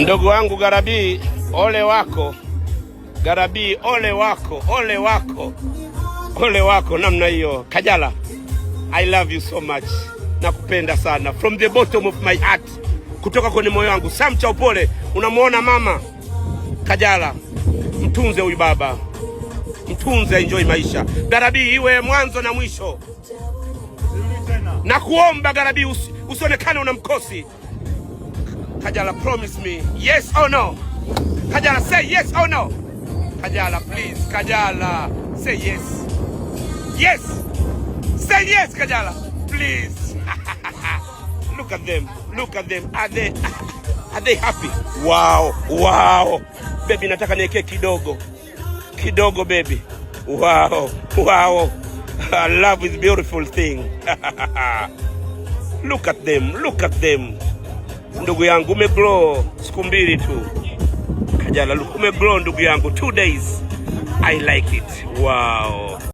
Mdogo wangu garabi ole wako garabi ole wako, ole wako, ole wako namna hiyo. Kajala, I love you so much, nakupenda sana from the bottom of my heart, kutoka kwenye moyo wangu. Sam cha upole, unamwona mama Kajala, mtunze huyu baba, mtunze, enjoy maisha. garabi iwe mwanzo na mwisho, nakuomba garabi usionekane una mkosi Kajala, promise me yes or no. Kajala, say yes or no. Kajala, please. Kajala, say yes. Yes. Say yes, Kajala, please. Look at them. Look at them. Are they, are they happy? Wow. Wow. Baby, nataka niweke kidogo. Kidogo, baby. Wow. Wow. Love is beautiful thing. Look at them. Look at them ndugu yangu, ume umeblow siku mbili tu. Kajala, umeblow ndugu yangu, two days. I like it. Wow.